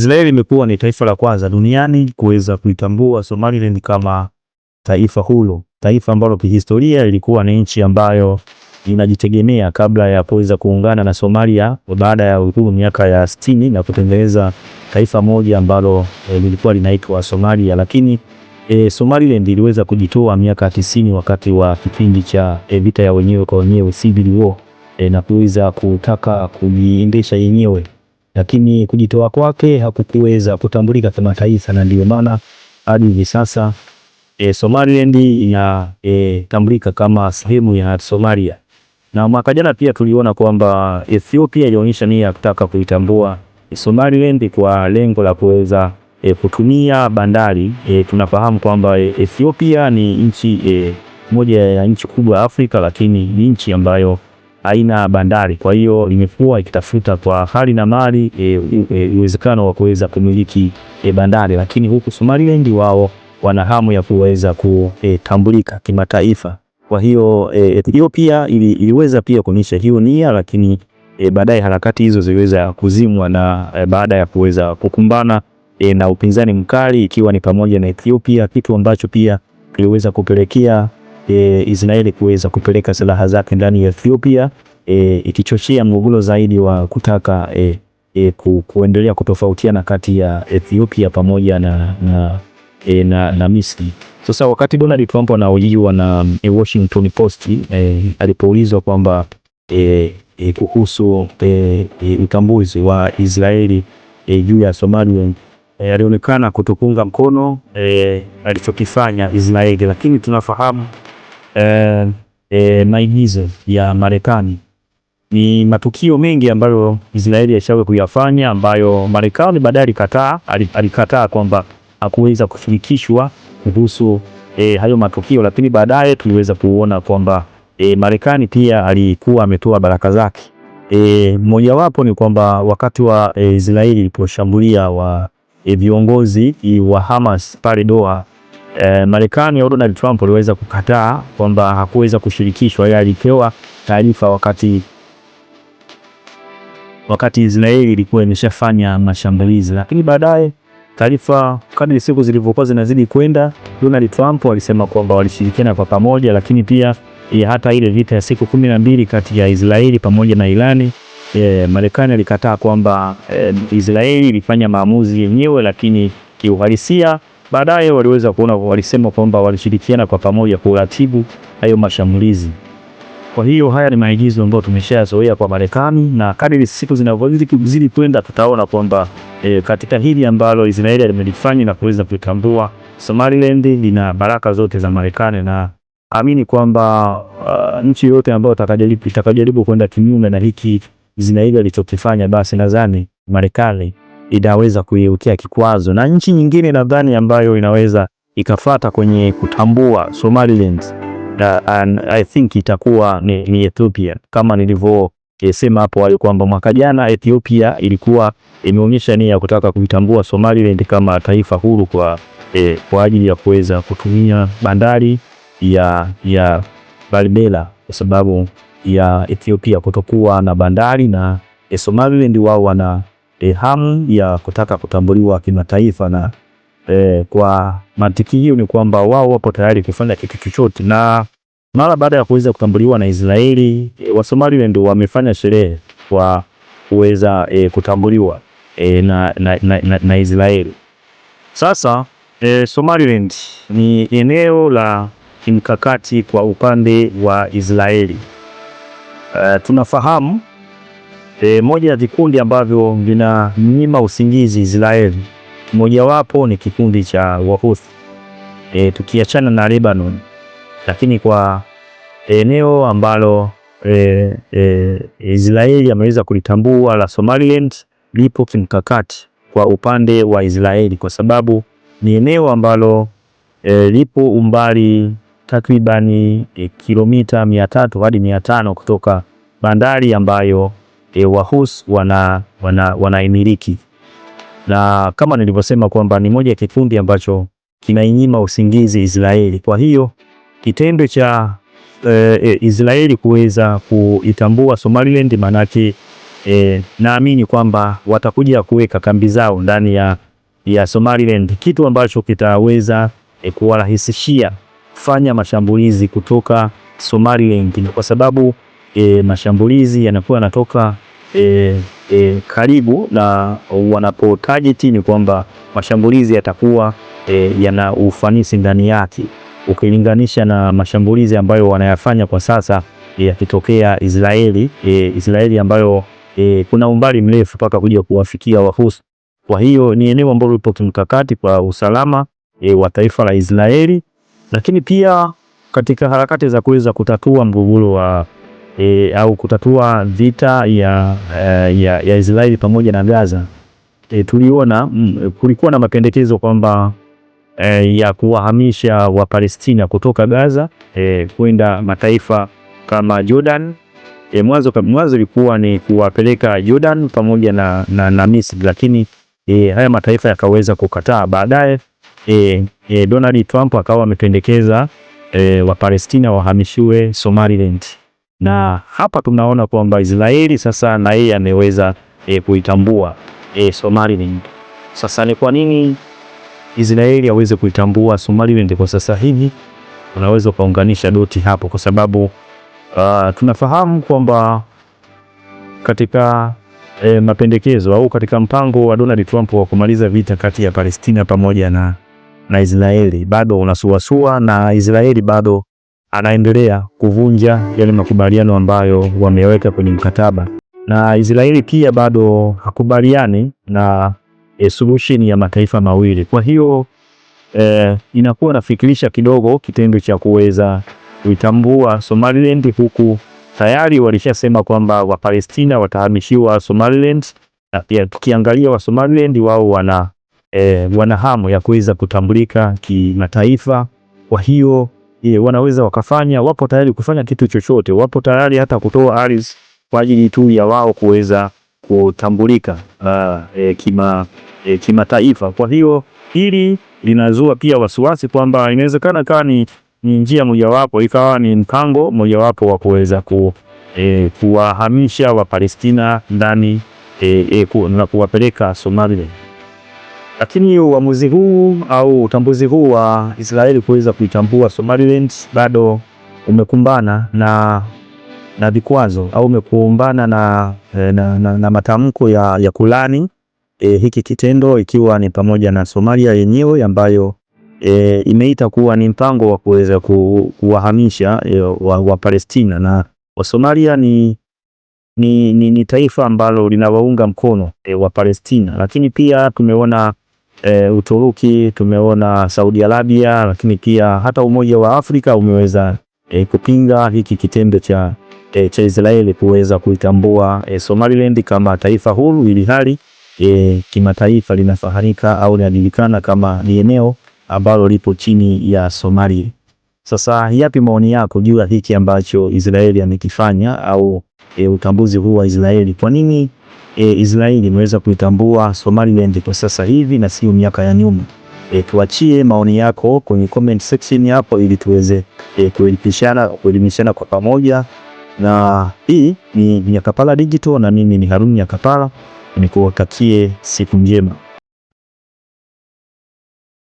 Israeli imekuwa ni taifa la kwanza duniani kuweza kuitambua Somaliland kama taifa huru, taifa ambalo kihistoria ilikuwa ni nchi ambayo inajitegemea kabla ya kuweza kuungana na Somalia baada ya uhuru miaka ya 60 na kutengeneza taifa moja ambalo e, lilikuwa linaitwa Somalia, lakini e, Somaliland iliweza kujitoa miaka 90 wakati wa kipindi cha e, vita ya wenyewe kwa wenyewe civil war e, na kuweza kutaka kujiendesha yenyewe lakini kujitoa kwake hakukuweza kutambulika kimataifa, na ndio maana hadi hivi sasa e, Somaliland inatambulika e, kama sehemu ya Somalia. Na mwaka jana pia tuliona kwamba Ethiopia ilionyesha nia ya kutaka kuitambua e, Somaliland kwa lengo la kuweza e, kutumia bandari e, tunafahamu kwamba e, Ethiopia ni nchi e, moja ya nchi kubwa Afrika, lakini ni nchi ambayo aina bandari. Kwa hiyo imekuwa ikitafuta kwa hali na mali uwezekano e, e, wa kuweza kumiliki e, bandari, lakini huku Somaliland wao wana hamu ya kuweza kutambulika e, kimataifa. Kwa hiyo e, hiyo e, pia ili, iliweza pia kuonyesha hiyo nia, lakini e, baadaye harakati hizo ziliweza kuzimwa na e, baada ya kuweza kukumbana e, na upinzani mkali ikiwa ni pamoja na Ethiopia, kitu ambacho pia kiliweza kupelekea e, Israeli kuweza kupeleka silaha zake ndani ya Ethiopia e, ikichochea mgogoro zaidi wa kutaka e, e, ku, kuendelea kutofautiana kati ya Ethiopia pamoja na, na, e, na, na Misri. Sasa wakati Donald Trump anaojiwa na e, Washington Post e, alipoulizwa kwamba e, e, kuhusu e, e, utambuzi wa Israeli e, juu ya Somalia e, alionekana kutokuunga mkono e, alichokifanya Israeli, lakini tunafahamu eh, eh, maigizo ya Marekani. Ni matukio mengi ambayo Israeli ashawe kuyafanya ambayo Marekani baadaye alikataa, alikataa kwamba hakuweza kushirikishwa kuhusu eh, hayo matukio, lakini baadaye tuliweza kuona kwamba eh, Marekani pia alikuwa ametoa baraka zake. E, mojawapo ni kwamba wakati wa e, Israeli iliposhambulia wa e, viongozi wa Hamas pale Doha Eh, Marekani au Donald Trump aliweza kukataa kwamba hakuweza kushirikishwa, yeye alipewa taarifa wakati wakati Israeli ilikuwa imeshafanya mashambulizi, lakini baadaye taarifa, kadri siku zilivyokuwa zinazidi kwenda, Donald Trump alisema kwamba walishirikiana kwa pamoja, lakini pia ya eh, hata ile vita ya siku kumi na mbili kati ya Israeli pamoja na Irani e, Marekani alikataa kwamba e, Israeli ilifanya maamuzi yenyewe, lakini kiuhalisia Baadaye waliweza kuona, walisema kwamba walishirikiana kwa pamoja kuratibu hayo mashambulizi. Kwa hiyo haya ni maigizo ambayo tumeshayazoea kwa Marekani, na kadri siku zinavyozidi kwenda tutaona kwamba e, katika hili ambalo Israeli limelifanya na kuweza kuitambua Somaliland lina baraka zote za Marekani, na amini kwamba uh, nchi yote ambayo itakajaribu kwenda kinyume na hiki Israeli alichokifanya, basi nadhani Marekani inaweza kuiwekea kikwazo, na nchi nyingine nadhani ambayo inaweza ikafata kwenye kutambua Somaliland na, and I think itakuwa ni, ni Ethiopia kama nilivyosema hapo awali kwamba mwaka jana Ethiopia ilikuwa imeonyesha nia ya kutaka kuitambua Somaliland kama taifa huru kwa, eh, kwa ajili ya kuweza kutumia bandari ya, ya Balbela kwa sababu ya Ethiopia kutokuwa na bandari na eh, Somaliland wao wana e, hamu ya kutaka kutambuliwa kimataifa na e, kwa mantiki hiyo ni kwamba wao wapo tayari kufanya kitu chochote, na mara baada ya kuweza kutambuliwa na Israeli e, eh, Wasomaliland wamefanya sherehe kwa kuweza e, kutambuliwa e, na, na, na, na, na Israeli. Sasa e, Somaliland ni eneo la kimkakati kwa upande wa Israeli. E, tunafahamu E, moja ya vikundi ambavyo vinamnyima usingizi Israeli mojawapo ni kikundi cha Wahuthi e, tukiachana na Lebanon, lakini kwa eneo ambalo e, e, Israeli ameweza kulitambua la Somaliland lipo kimkakati kwa upande wa Israeli kwa sababu ni eneo ambalo e, lipo umbali takribani e, kilomita mia tatu hadi mia tano kutoka bandari ambayo e, Wahus wana wanaimiliki wana na kama nilivyosema kwamba ni moja ya kikundi ambacho kinainyima usingizi Israeli. Kwa hiyo kitendo cha e, e Israeli kuweza kuitambua Somaliland maanake e, naamini kwamba watakuja kuweka kambi zao ndani ya, ya Somaliland, kitu ambacho kitaweza e, kuwarahisishia kufanya mashambulizi kutoka Somaliland kwa sababu e, mashambulizi yanakuwa yanatoka e, e, karibu na wanapo target ni kwamba mashambulizi yatakuwa e, yana ufanisi ndani yake ukilinganisha na mashambulizi ambayo wanayafanya kwa sasa yakitokea Israeli e, Israeli ambayo e, kuna umbali mrefu mpaka kuja kuwafikia Wahusi. Kwa hiyo ni eneo ambalo lipo kimkakati kwa usalama e, wa taifa la Israeli, lakini pia katika harakati za kuweza kutatua mgogoro wa e, au kutatua vita ya, eh, ya, ya Israeli pamoja na Gaza e, tuliona mm, kulikuwa na mapendekezo kwamba e, ya kuwahamisha Wapalestina kutoka Gaza e, kwenda mataifa kama Jordan e, mwanzo mwanzo ilikuwa ni kuwapeleka Jordan pamoja na, na, na Misri lakini e, haya mataifa yakaweza kukataa baadaye. E, e, Donald Trump akawa amependekeza e, Wapalestina wahamishiwe Somaliland na mm. hapa tunaona kwamba Israeli sasa na yeye ameweza e, kuitambua e, eh, Somaliland. Sasa ni kwa nini Israeli aweze kuitambua Somaliland kwa sasa hivi? Unaweza ukaunganisha doti hapo, kwa sababu uh, tunafahamu kwamba katika e, mapendekezo au katika mpango wa Donald Trump wa kumaliza vita kati ya Palestina pamoja na, na Israeli bado unasuasua na Israeli bado anaendelea kuvunja yale makubaliano ambayo wameweka kwenye mkataba, na Israeli pia bado hakubaliani na e, solution ya mataifa mawili. Kwa hiyo e, inakuwa nafikirisha kidogo kitendo cha kuweza kuitambua Somaliland, huku tayari walishasema kwamba Wapalestina watahamishiwa Somaliland, na pia tukiangalia wa Somaliland wao wana, e, wana hamu ya kuweza kutambulika kimataifa, kwa hiyo ye, wanaweza wakafanya, wapo tayari kufanya kitu chochote, wapo tayari hata kutoa ardhi kwa ajili tu ya wao kuweza kutambulika uh, e, kima e, kimataifa. Kwa hiyo hili linazua pia wasiwasi kwamba inawezekana kawa ni, ni njia mojawapo ikawa ni mpango mojawapo wa kuweza ku, e, kuwahamisha Wapalestina ndani e, e, ku, na kuwapeleka Somalia. Lakini uamuzi huu au utambuzi huu wa Israeli kuweza kuitambua Somaliland bado umekumbana na na vikwazo au umekumbana na, eh, na, na, na matamko ya, ya kulani e, hiki kitendo ikiwa ni pamoja na Somalia yenyewe ambayo e, imeita kuwa ni mpango wa kuweza ku, kuwahamisha e, wa, wa Palestina na wa Somalia ni, ni, ni, ni taifa ambalo linawaunga mkono e, wa Palestina, lakini pia tumeona e, Uturuki, tumeona Saudi Arabia, lakini pia hata Umoja wa Afrika umeweza e, kupinga hiki kitendo cha, e, cha Israeli kuweza kuitambua e, Somaliland kama taifa huru, ili hali e, kimataifa linafaharika au linajulikana kama ni eneo ambalo lipo chini ya Somalia. Sasa yapi maoni yako juu ya hiki ambacho Israeli amekifanya au e, utambuzi huu wa Israeli kwa nini e, Israeli imeweza kuitambua Somaliland kwa sasa hivi na sio miaka ya nyuma. E, tuachie maoni yako kwenye comment section hapo ili tuweze e, kuelimishana kuelimishana kwa pamoja, na hii ni Nyakapala Digital na mimi ni Haruni Nyakapala, nikuwatakie siku njema.